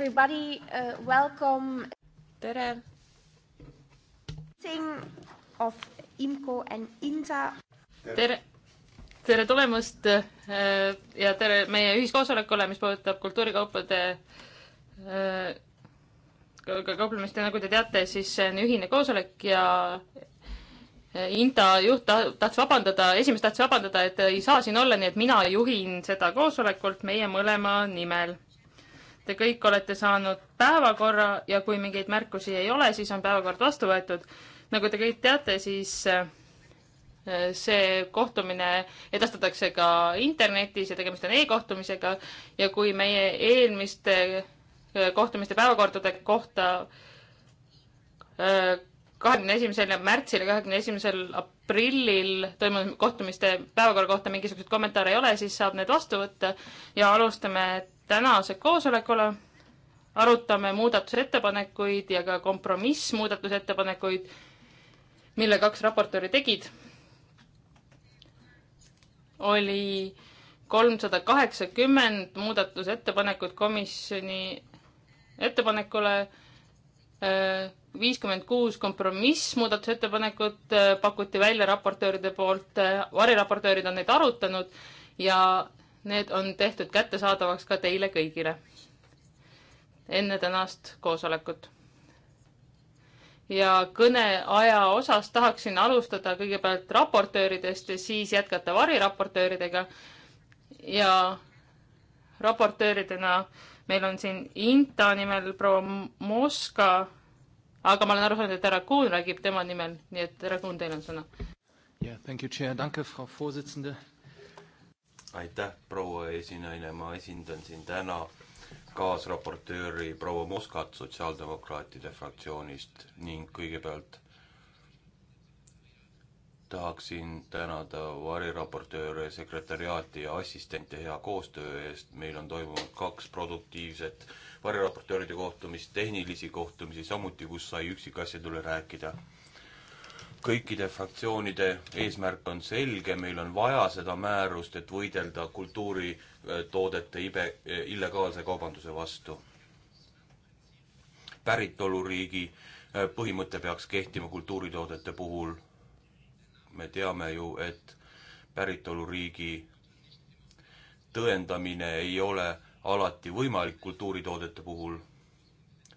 everybody, uh, welcome. tere. of IMCO and INTA. tere, tere tulemast äh, ja tere meie ühiskoosolekule, mis puudutab kultuurikaupade äh, kauplemist ja nagu te teate, siis see on ühine koosolek ja äh, Inta juht tahtis vabandada, esimees tahtis vabandada, et ei saa siin olla, nii et mina juhin seda koosolekut meie mõlema nimel Te kõik olete saanud päevakorra ja kui mingeid märkusi ei ole, siis on päevakord vastu võetud. nagu te kõik teate, siis äh, see kohtumine edastatakse ka internetis ja tegemist on e-kohtumisega ja kui meie eelmiste äh, kohtumiste päevakordade kohta äh, kahekümne esimesel märtsil ja kahekümne esimesel aprillil toimunud kohtumiste päevakorra kohta mingisuguseid kommentaare ei ole, siis saab need vastu võtta ja alustame tänase koosolekule, arutame muudatusettepanekuid ja ka kompromissmuudatusettepanekuid, mille kaks raportööri tegid. oli kolmsada kaheksakümmend muudatusettepanekut komisjoni ettepanekule, viiskümmend kuus kompromissmuudatusettepanekut pakuti välja raportööride poolt, variraportöörid on neid arutanud ja Need on tehtud kättesaadavaks ka teile kõigile enne tänast koosolekut. ja kõneaja osas tahaksin alustada kõigepealt raportööridest ja siis jätkata variraportööridega. ja raportööridena meil on siin Inta nimel proua Moska, aga ma olen aru saanud, et härra Kuhn räägib tema nimel, nii et härra Kuhn, teil on sõna. jah yeah,, thank you, chair, danke, Frau Vorsitzende aitäh, proua esinaine, ma esindan siin täna kaasraportööri proua Moskat Sotsiaaldemokraatide fraktsioonist ning kõigepealt tahaksin tänada variraportööre, sekretäriaati ja assistente hea koostöö eest, meil on toimunud kaks produktiivset variraportööride kohtumist, tehnilisi kohtumisi samuti, kus sai üksikasjadele rääkida kõikide fraktsioonide eesmärk on selge, meil on vaja seda määrust, et võidelda kultuuritoodete äh, ibe, äh, illegaalse kaubanduse vastu. päritoluriigi äh, põhimõte peaks kehtima kultuuritoodete puhul. me teame ju, et päritoluriigi tõendamine ei ole alati võimalik kultuuritoodete puhul.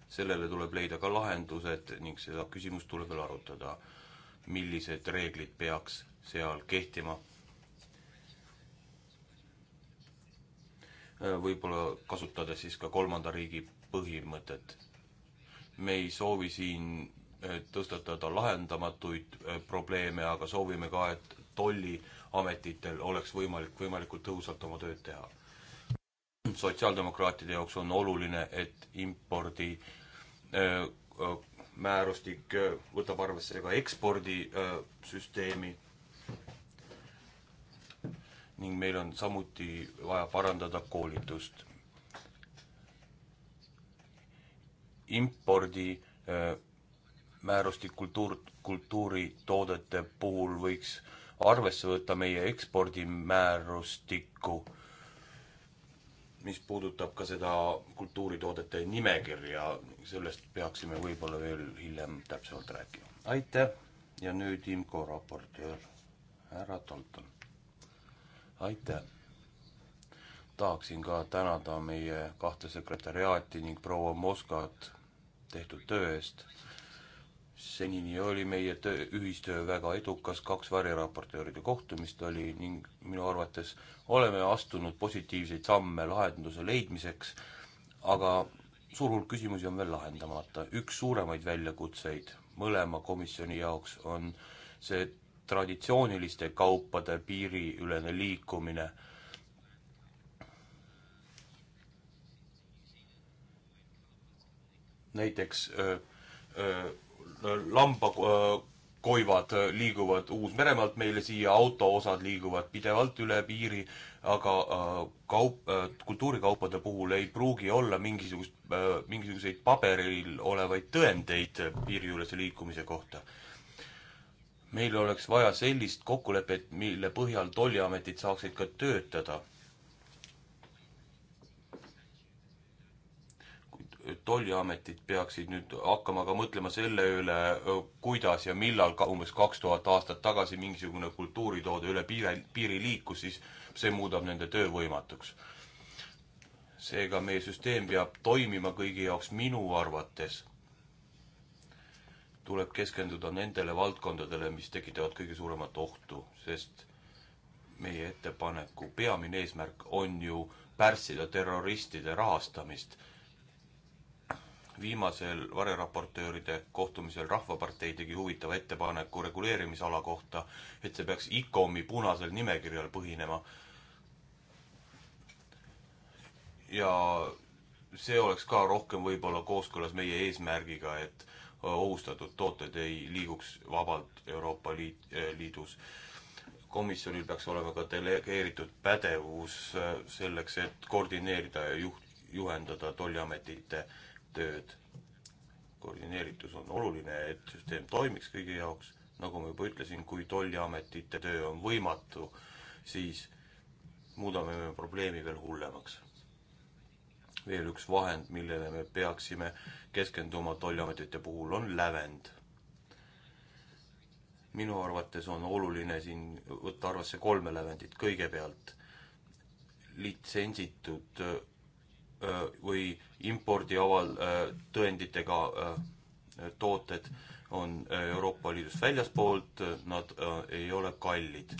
sellele tuleb leida ka lahendused ning seda küsimust tuleb veel arutada millised reeglid peaks seal kehtima. võib-olla kasutades siis ka kolmanda riigi põhimõtet. me ei soovi siin eh, tõstatada lahendamatuid eh, probleeme, aga soovime ka, et tolliametitel oleks võimalik võimalikult tõhusalt oma tööd teha. sotsiaaldemokraatide jaoks on oluline, et impordi eh, määrustik äh, võtab arvesse ka ekspordisüsteemi äh, ning meil on samuti vaja parandada koolitust. impordi äh, määrustik kultuur, kultuuritoodete puhul võiks arvesse võtta meie ekspordimäärustikku mis puudutab ka seda kultuuritoodete nimekirja, sellest peaksime võib-olla veel hiljem täpsemalt rääkima. aitäh ja nüüd IMCO raportöör härra Dalton. aitäh! tahaksin ka tänada meie kahte sekretäriaati ning proua Moskat tehtud töö eest senini oli meie töö, ühistöö väga edukas, kaks variraportööride kohtumist oli ning minu arvates oleme astunud positiivseid samme lahenduse leidmiseks, aga suur hulk küsimusi on veel lahendamata. üks suuremaid väljakutseid mõlema komisjoni jaoks on see traditsiooniliste kaupade piiriülene liikumine näiteks öö, öö, lambakoivad äh, äh, liiguvad Uus-Meremaalt meile siia, autoosad liiguvad pidevalt üle piiri, aga äh, kaup, kultuurikaupade puhul ei pruugi olla mingisugust, mingisuguseid paberil olevaid tõendeid piiri juures liikumise kohta. meil oleks vaja sellist kokkulepet, mille põhjal tolliametid saaksid ka töötada tolliametid peaksid nüüd hakkama ka mõtlema selle üle, kuidas ja millal ka umbes kaks tuhat aastat tagasi mingisugune kultuuritoode üle piire, piiri liikus, siis see muudab nende töö võimatuks. seega meie süsteem peab toimima kõigi jaoks minu arvates. tuleb keskenduda nendele valdkondadele, mis tekitavad kõige suuremat ohtu, sest meie ettepaneku peamine eesmärk on ju pärssida terroristide rahastamist viimasel vareraportööride kohtumisel Rahvapartei tegi huvitava ettepaneku reguleerimisala kohta, et see peaks ICOM-i punasel nimekirjal põhinema. ja see oleks ka rohkem võib-olla kooskõlas meie eesmärgiga, et ohustatud tooted ei liiguks vabalt Euroopa Liit, eh, Liidus. komisjonil peaks olema ka delegeeritud pädevus eh, selleks, et koordineerida ja juht, juhendada tolliametite tööd. koordineeritus on oluline, et süsteem toimiks kõigi jaoks, nagu ma juba ütlesin, kui tolliametite töö on võimatu, siis muudame me probleemi veel hullemaks. veel üks vahend, millele me peaksime keskenduma tolliametite puhul, on lävend. minu arvates on oluline siin võtta arvesse kolme lävendit, kõigepealt litsentsitud Äh, või impordi aval äh, tõenditega äh, tooted on Euroopa Liidust väljaspoolt, nad ei ole kallid.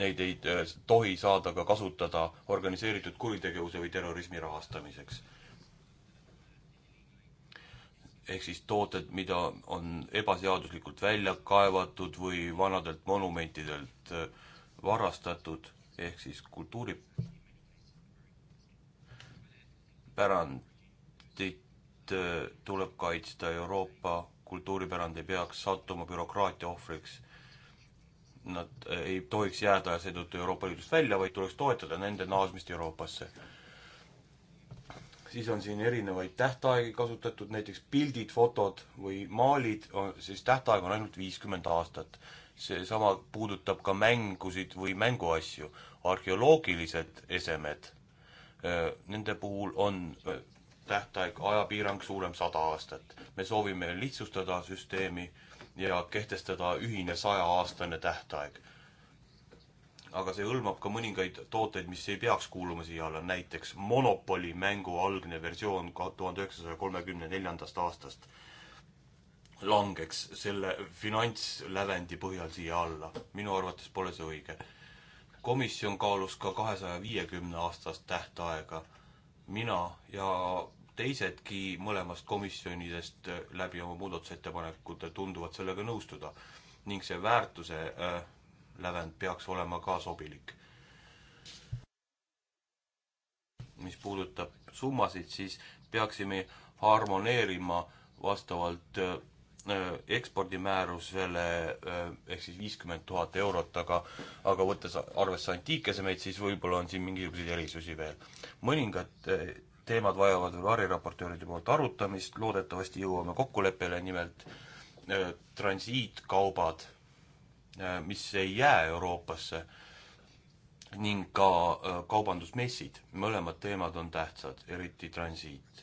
Neid ei tohi saada ka kasutada organiseeritud kuritegevuse või terrorismi rahastamiseks ehk siis tooted, mida on ebaseaduslikult välja kaevatud või vanadelt monumentidelt varastatud ehk siis kultuuripärandit äh, tuleb kaitsta, Euroopa kultuuripärand ei peaks sattuma bürokraatia ohvriks. Nad äh, ei tohiks jääda seetõttu Euroopa Liidust välja, vaid tuleks toetada nende naasmist Euroopasse. siis on siin erinevaid tähtaegi kasutatud, näiteks pildid, fotod või maalid, siis tähtaeg on ainult viiskümmend aastat. seesama puudutab ka mängusid või mänguasju arheoloogilised esemed, nende puhul on tähtaeg, ajapiirang suurem sada aastat. me soovime lihtsustada süsteemi ja kehtestada ühine sajaaastane tähtaeg. aga see hõlmab ka mõningaid tooteid, mis ei peaks kuuluma siia alla, näiteks Monopoli mängu algne versioon tuhande üheksasaja kolmekümne neljandast aastast langeks selle finantslävendi põhjal siia alla. minu arvates pole see õige komisjon kaalus ka kahesaja viiekümne aastast tähtaega. mina ja teisedki mõlemast komisjonidest läbi oma muudatusettepanekute tunduvad sellega nõustuda ning see väärtuse äh, lävend peaks olema ka sobilik. mis puudutab summasid, siis peaksime harmoneerima vastavalt äh, Äh, ekspordimäärusele äh, ehk siis viiskümmend tuhat eurot, aga aga võttes arvesse antiikesemeid, siis võib-olla on siin mingisuguseid erisusi veel. mõningad äh, teemad vajavad veel variraportööride poolt arutamist, loodetavasti jõuame kokkuleppele, nimelt transiitkaubad, mis ei jää Euroopasse, ning ka kaubandusmessid, mõlemad teemad on tähtsad, eriti transiit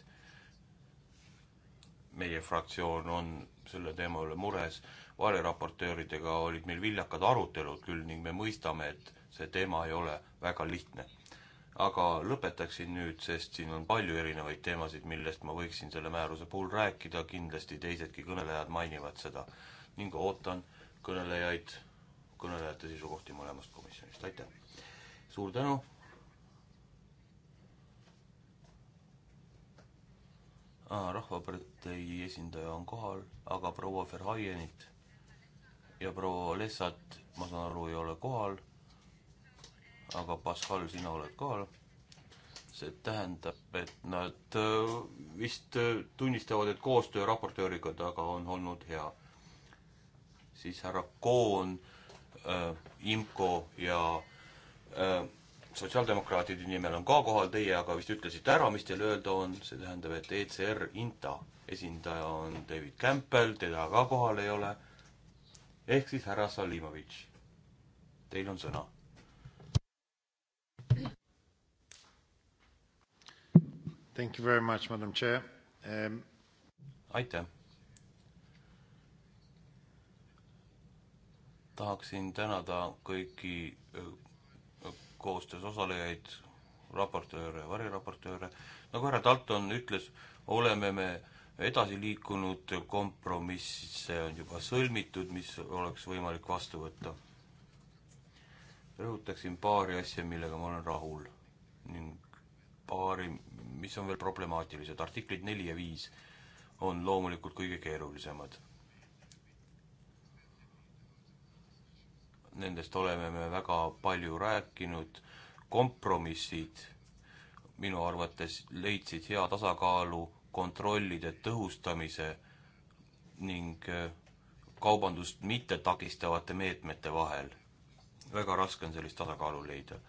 meie fraktsioon on selle teema üle mures, variraportööridega olid meil viljakad arutelud küll ning me mõistame, et see teema ei ole väga lihtne. aga lõpetaksin nüüd, sest siin on palju erinevaid teemasid, millest ma võiksin selle määruse puhul rääkida, kindlasti teisedki kõnelejad mainivad seda ning ootan kõnelejaid, kõnelejate seisukohti mõlemast komisjonist, aitäh! suur tänu! rahvapartei esindaja on kohal, aga proua Verhaienit ja proua Lessat, ma saan aru, ei ole kohal. aga Pascal, sina oled kohal. see tähendab, et nad äh, vist äh, tunnistavad, et koostöö raportööriga taga on olnud hea. siis härra Koon äh,, IMCO ja äh, sotsiaaldemokraatide nimel on ka kohal, teie aga vist ütlesite ära, mis teil öelda on, see tähendab, et ECR INTA esindaja on David Campbell, teda ka kohal ei ole, ehk siis härra Salimovitš, teil on sõna. Thank you very much, madam chair um.... aitäh. tahaksin tänada kõiki koostöös osalejaid, raportööre, variraportööre, nagu härra Dalton ütles, oleme me edasi liikunud, kompromiss on juba sõlmitud, mis oleks võimalik vastu võtta. rõhutaksin paari asja, millega ma olen rahul ning paari, mis on veel problemaatilised, artiklid neli ja viis on loomulikult kõige keerulisemad nendest oleme me väga palju rääkinud, kompromissid minu arvates leidsid hea tasakaalu kontrollide tõhustamise ning äh, kaubandust mitte takistavate meetmete vahel. väga raske on sellist tasakaalu leida.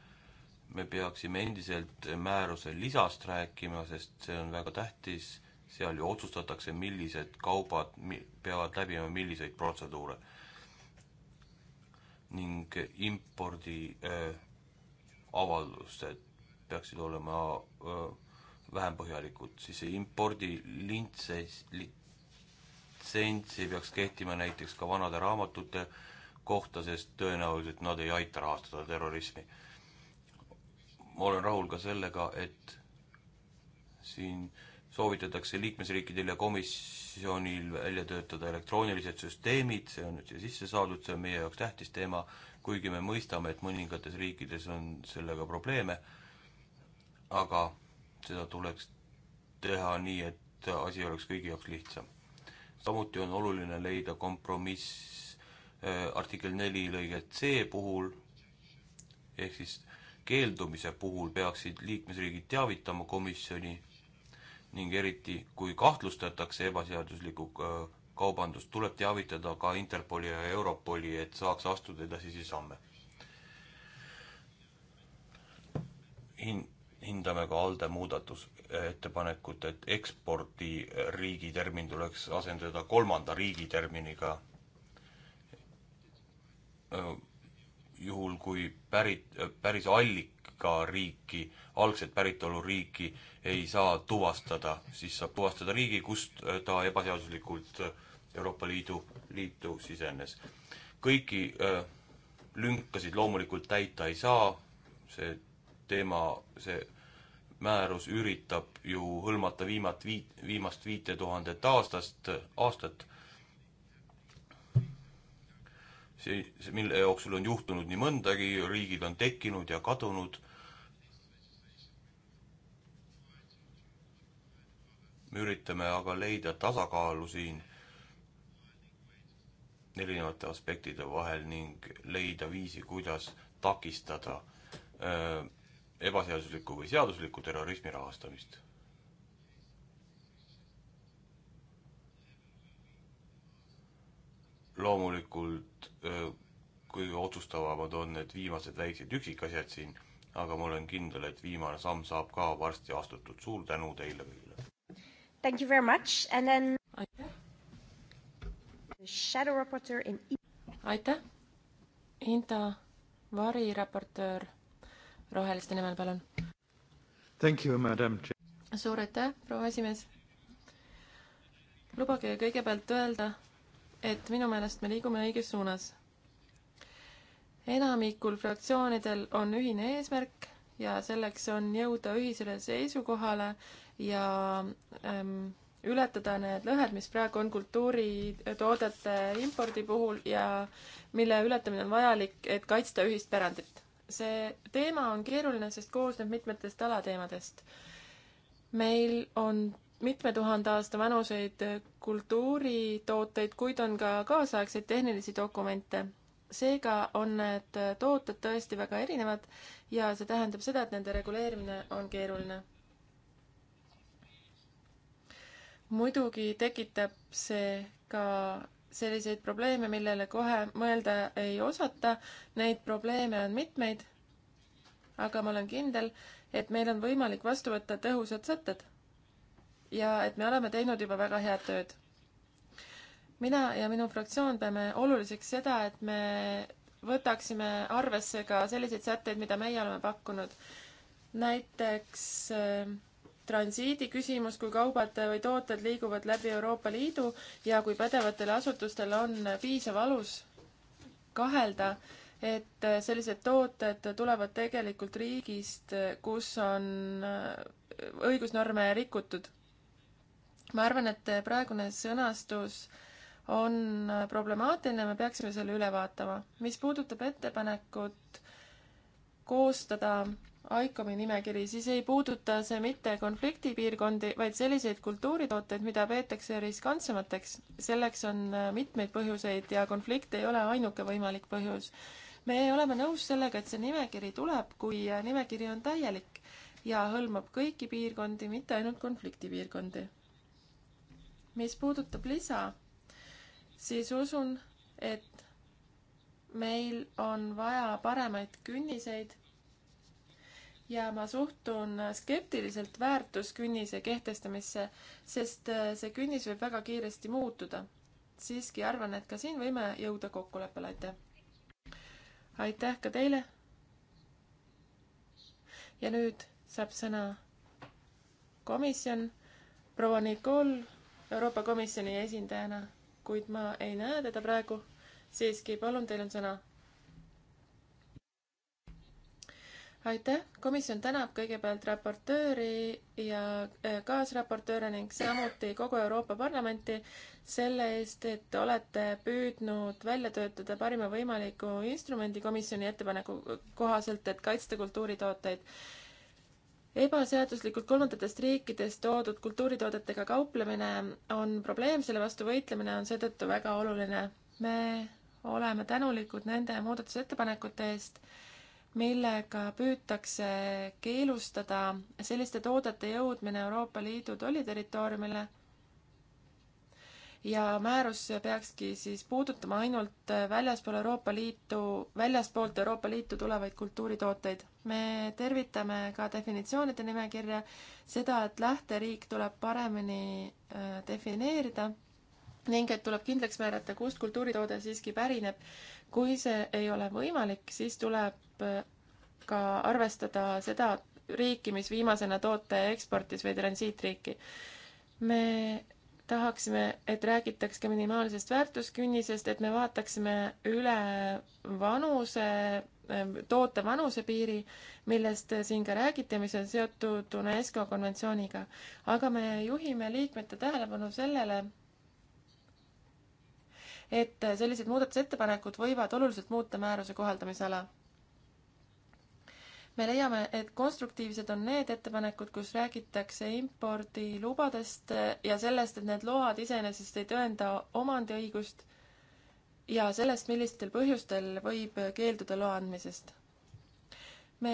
me peaksime endiselt määruse lisast rääkima, sest see on väga tähtis, seal ju otsustatakse, millised kaubad mi-, peavad läbima milliseid protseduure ning impordi äh, avaldused peaksid olema äh, vähem põhjalikud, siis see impordi lintses, litsents ei peaks kehtima näiteks ka vanade raamatute kohta, sest tõenäoliselt nad ei aita rahastada terrorismi. ma olen rahul ka sellega, et siin äh, soovitatakse liikmesriikidel ja komisjonil välja töötada elektroonilised süsteemid, see on nüüd siia sisse saadud, see on meie jaoks tähtis teema, kuigi me mõistame, et mõningates riikides on sellega probleeme, aga seda tuleks teha nii, et asi oleks kõigi jaoks lihtsam. samuti on oluline leida kompromiss äh, artikkel neli lõige C puhul, ehk siis keeldumise puhul peaksid liikmesriigid teavitama komisjoni ning eriti, kui kahtlustatakse ebaseaduslikku äh, kaubandust, tuleb teavitada ka Interpoli ja Europoli, et saaks astuda edasisi samme. Hin-, hindame ka ALDE muudatusettepanekut, et ekspordiriigi termin tuleks asendada kolmanda riigi terminiga äh, juhul, kui pärit, päris allikariiki, algset päritoluriiki ei saa tuvastada, siis saab tuvastada riigi, kust ta ebaseaduslikult Euroopa Liidu, liitu sisenes. kõiki öö, äh, lünkasid loomulikult täita ei saa, see teema, see määrus üritab ju hõlmata viimat viit, viimast viite tuhandet aastast, aastat see, see, mille jooksul on juhtunud nii mõndagi, riigid on tekkinud ja kadunud. me üritame aga leida tasakaalu siin erinevate aspektide vahel ning leida viisi, kuidas takistada öö, äh, ebaseaduslikku või seaduslikku terrorismi rahastamist loomulikult kõige otsustavamad on need viimased väiksed üksikasjad siin, aga ma olen kindel, et viimane samm saab ka varsti astutud. suur tänu teile kõigile! Thank you very much and then aitäh! Shadow raportöör in aitäh! Inta variraportöör roheliste nimel, palun! Thank you, madam! suur aitäh, proua esimees! lubage kõigepealt öelda, et minu meelest me liigume õiges suunas. enamikul fraktsioonidel on ühine eesmärk ja selleks on jõuda ühisele seisukohale ja ähm, ületada need lõhed, mis praegu on kultuuritoodete impordi puhul ja mille ületamine on vajalik, et kaitsta ühist pärandit. see teema on keeruline, sest koosneb mitmetest alateemadest. meil on mitme tuhande aasta vanuseid kultuuritooteid, kuid on ka kaasaegseid tehnilisi dokumente. seega on need tooted tõesti väga erinevad ja see tähendab seda, et nende reguleerimine on keeruline. muidugi tekitab see ka selliseid probleeme, millele kohe mõelda ei osata. Neid probleeme on mitmeid. aga ma olen kindel, et meil on võimalik vastu võtta tõhusad sätted ja et me oleme teinud juba väga head tööd. mina ja minu fraktsioon peame oluliseks seda, et me võtaksime arvesse ka selliseid sätteid, mida meie oleme pakkunud. näiteks äh, transiidi küsimus, kui kaubad või tooted liiguvad läbi Euroopa Liidu ja kui pädevatel asutustel on piisav alus kahelda, et äh, sellised tooted tulevad tegelikult riigist, kus on äh, õigusnorme rikutud ma arvan, et praegune sõnastus on problemaatiline, me peaksime selle üle vaatama. mis puudutab ettepanekut koostada ICOM-i nimekiri, siis ei puuduta see mitte konfliktipiirkondi, vaid selliseid kultuuritooteid, mida peetakse riskantsemateks. selleks on mitmeid põhjuseid ja konflikt ei ole ainuke võimalik põhjus. me oleme nõus sellega, et see nimekiri tuleb, kui nimekiri on täielik ja hõlmab kõiki piirkondi, mitte ainult konfliktipiirkondi mis puudutab lisa, siis usun, et meil on vaja paremaid künniseid ja ma suhtun skeptiliselt väärtuskünnise kehtestamisse, sest äh, see künnis võib väga kiiresti muutuda. siiski arvan, et ka siin võime jõuda kokkuleppele, aitäh! aitäh ka teile! ja nüüd saab sõna komisjon, proua Nicole Euroopa Komisjoni esindajana, kuid ma ei näe teda praegu. siiski, palun, teil on sõna. aitäh, komisjon tänab kõigepealt raportööri ja äh, kaasraportööre ning samuti kogu Euroopa Parlamenti selle eest, et olete püüdnud välja töötada parima võimaliku instrumendi komisjoni ettepaneku kohaselt, et kaitsta kultuuritooteid ebaseaduslikult kolmandatest riikidest toodud kultuuritoodetega kauplemine on probleem, selle vastu võitlemine on seetõttu väga oluline. me oleme tänulikud nende muudatusettepanekute eest, millega püütakse keelustada selliste toodete jõudmine Euroopa Liidu tolliterritooriumile ja määrus peakski siis puudutama ainult väljaspool Euroopa Liitu, väljaspoolt Euroopa Liitu tulevaid kultuuritooteid. me tervitame ka definitsioonide nimekirja, seda, et lähteriik tuleb paremini äh, defineerida ning et tuleb kindlaks määrata, kust kultuuritoode siiski pärineb. kui see ei ole võimalik, siis tuleb äh, ka arvestada seda riiki, mis viimasena toote eksportis või transiitriiki. me tahaksime, et räägitaks ka minimaalsest väärtuskünnisest, et me vaataksime üle vanuse, äh, toote vanusepiiri, millest siin ka räägiti ja mis on seotud UNESCO konventsiooniga. aga me juhime liikmete tähelepanu sellele, et sellised muudatusettepanekud võivad oluliselt muuta määruse kohaldamisala me leiame, et konstruktiivsed on need ettepanekud, kus räägitakse impordilubadest ja sellest, et need load iseenesest ei tõenda omandiõigust ja sellest, millistel põhjustel võib keelduda loa andmisest. me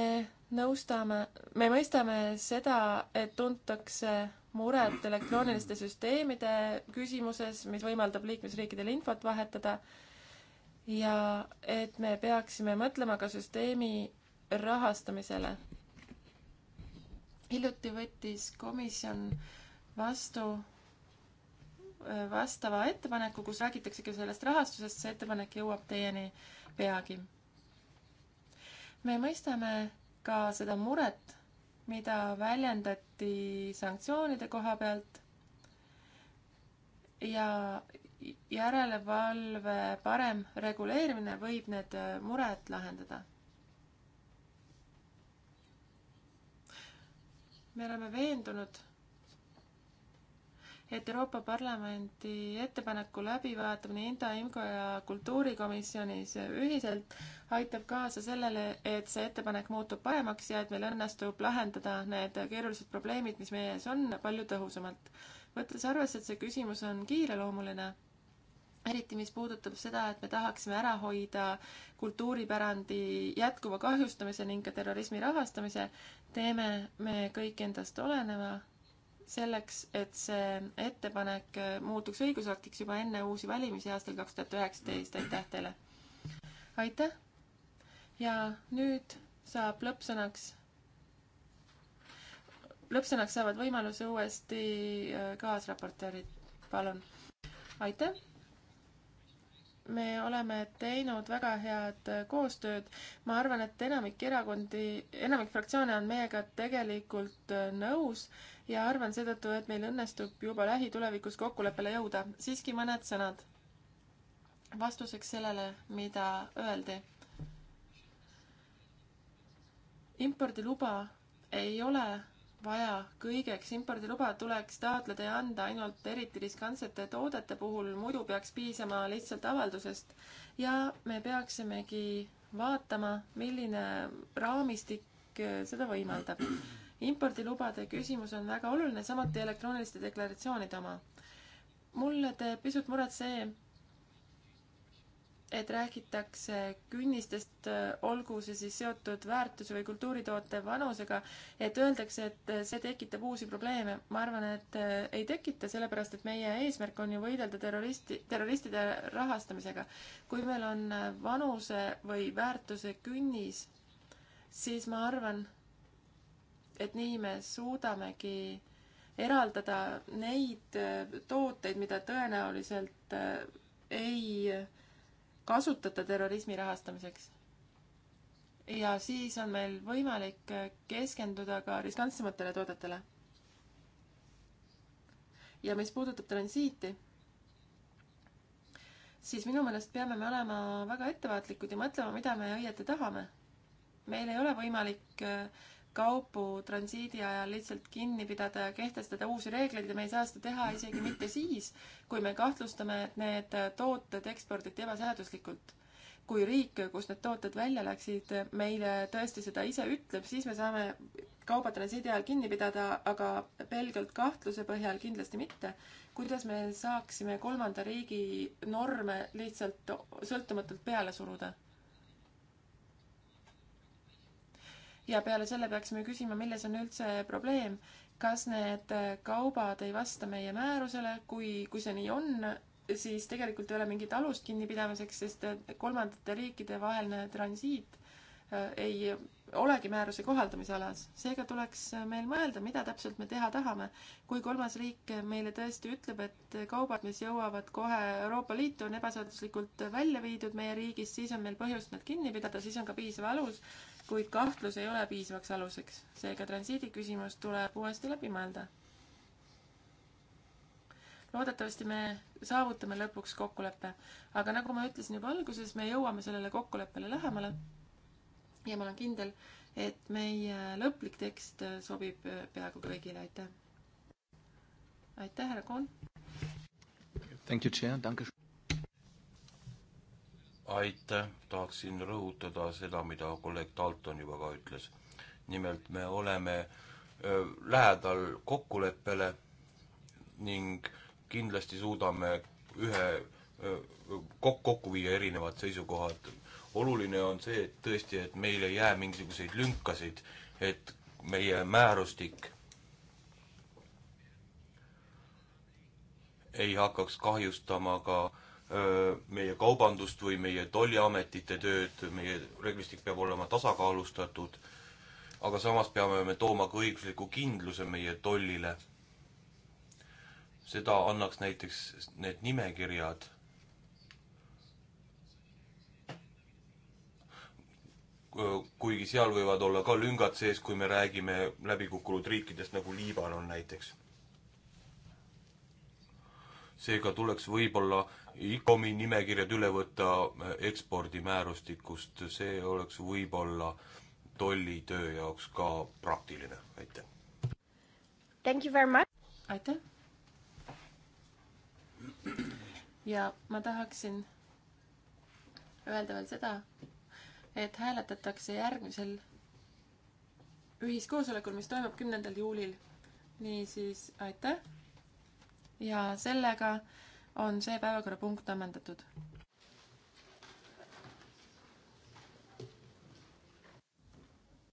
nõustame, me mõistame seda, et tuntakse muret elektrooniliste süsteemide küsimuses, mis võimaldab liikmesriikidel infot vahetada ja et me peaksime mõtlema ka süsteemi rahastamisele. hiljuti võttis komisjon vastu äh, vastava ettepaneku, kus räägitaksegi sellest rahastusest, see ettepanek jõuab teieni peagi. me mõistame ka seda muret, mida väljendati sanktsioonide koha pealt ja järelevalve parem reguleerimine võib need mured lahendada me oleme veendunud, et Euroopa Parlamendi ettepaneku läbivaatamine Inda, Imko ja kultuurikomisjonis ühiselt aitab kaasa sellele, et see ettepanek muutub paremaks ja et meil õnnestub lahendada need keerulised probleemid, mis meie ees on, palju tõhusamalt. võttes arvesse, et see küsimus on kiireloomuline eriti mis puudutab seda, et me tahaksime ära hoida kultuuripärandi jätkuva kahjustamise ning ka terrorismi rahastamise, teeme me kõik endast oleneva selleks, et see ettepanek muutuks õigusaktiks juba enne uusi valimisi aastal kaks tuhat üheksateist. aitäh teile! aitäh! ja nüüd saab lõppsõnaks, lõppsõnaks saavad võimaluse uuesti kaasraportöörid, palun! aitäh! me oleme teinud väga head äh, koostööd. ma arvan, et enamik erakondi, enamik fraktsioone on meiega tegelikult äh, nõus ja arvan seetõttu, et meil õnnestub juba lähitulevikus kokkuleppele jõuda. siiski mõned sõnad vastuseks sellele, mida öeldi. impordiluba ei ole vaja kõigeks impordiluba, tuleks taotleda ja anda ainult eriti riskantsete toodete puhul, muidu peaks piisama lihtsalt avaldusest. ja me peaksimegi vaatama, milline raamistik äh, seda võimaldab. impordilubade küsimus on väga oluline, samuti elektrooniliste deklaratsioonide oma. mulle teeb pisut muret see, et räägitakse künnistest, olgu see siis seotud väärtuse või kultuuritoote vanusega, et öeldakse, et see tekitab uusi probleeme. ma arvan, et äh, ei tekita, sellepärast et meie eesmärk on ju võidelda terroristi, terroristide rahastamisega. kui meil on äh, vanuse või väärtuse künnis, siis ma arvan, et nii me suudamegi eraldada neid äh, tooteid, mida tõenäoliselt ei kasutada terrorismi rahastamiseks. ja siis on meil võimalik keskenduda ka riskantsematele toodetele. ja mis puudutab transiiti, siis minu meelest peame me olema väga ettevaatlikud ja mõtlema, mida me õieti tahame. meil ei ole võimalik äh, kaupu transiidi ajal lihtsalt kinni pidada ja kehtestada uusi reegleid ja me ei saa seda teha isegi mitte siis, kui me kahtlustame, et need tooted eksporditi ebaseaduslikult. kui riik, kust need tooted välja läksid, meile tõesti seda ise ütleb, siis me saame kauba transiidi ajal kinni pidada, aga pelgalt kahtluse põhjal kindlasti mitte. kuidas me saaksime kolmanda riigi norme lihtsalt sõltumatult peale suruda? ja peale selle peaksime küsima, milles on üldse probleem. kas need kaubad ei vasta meie määrusele, kui, kui see nii on, siis tegelikult ei ole mingit alust kinnipidamiseks, sest kolmandate riikide vaheline transiit Äh, ei olegi määruse kohaldamisalas. seega tuleks äh, meil mõelda, mida täpselt me teha tahame. kui kolmas riik meile tõesti ütleb, et kaubad, mis jõuavad kohe Euroopa Liitu, on ebaseaduslikult välja viidud meie riigis, siis on meil põhjust nad kinni pidada, siis on ka piisav alus, kuid kahtlus ei ole piisavaks aluseks. seega transiidi küsimus tuleb uuesti läbi mõelda. loodetavasti me saavutame lõpuks kokkuleppe, aga nagu ma ütlesin juba alguses, me jõuame sellele kokkuleppele lähemale ja ma olen kindel, et meie lõplik tekst sobib peaaegu kõigile, aitäh. aitäh, härra Kohn. Thank you, chair, danke. aitäh, tahaksin rõhutada seda, mida kolleeg Dalton juba ka ütles. nimelt me oleme lähedal kokkuleppele ning kindlasti suudame ühe kokku, kokku viia erinevad seisukohad oluline on see, et tõesti, et meil ei jää mingisuguseid lünkasid, et meie määrustik ei hakkaks kahjustama ka öö, meie kaubandust või meie tolliametite tööd, meie reeglistik peab olema tasakaalustatud, aga samas peame me tooma ka õigusliku kindluse meie tollile. seda annaks näiteks need nimekirjad Äh, kuigi seal võivad olla ka lüngad sees, kui me räägime läbikukkunud riikidest nagu Liibanon näiteks. seega tuleks võib-olla ICOM-i nimekirjad üle võtta äh, ekspordimäärustikust, see oleks võib-olla tollitöö jaoks ka praktiline, aitäh. Thank you very much. aitäh. ja ma tahaksin öelda veel seda, et hääletatakse järgmisel ühiskoosolekul, mis toimub kümnendal juulil. niisiis, aitäh! ja sellega on see päevakorrapunkt ammendatud.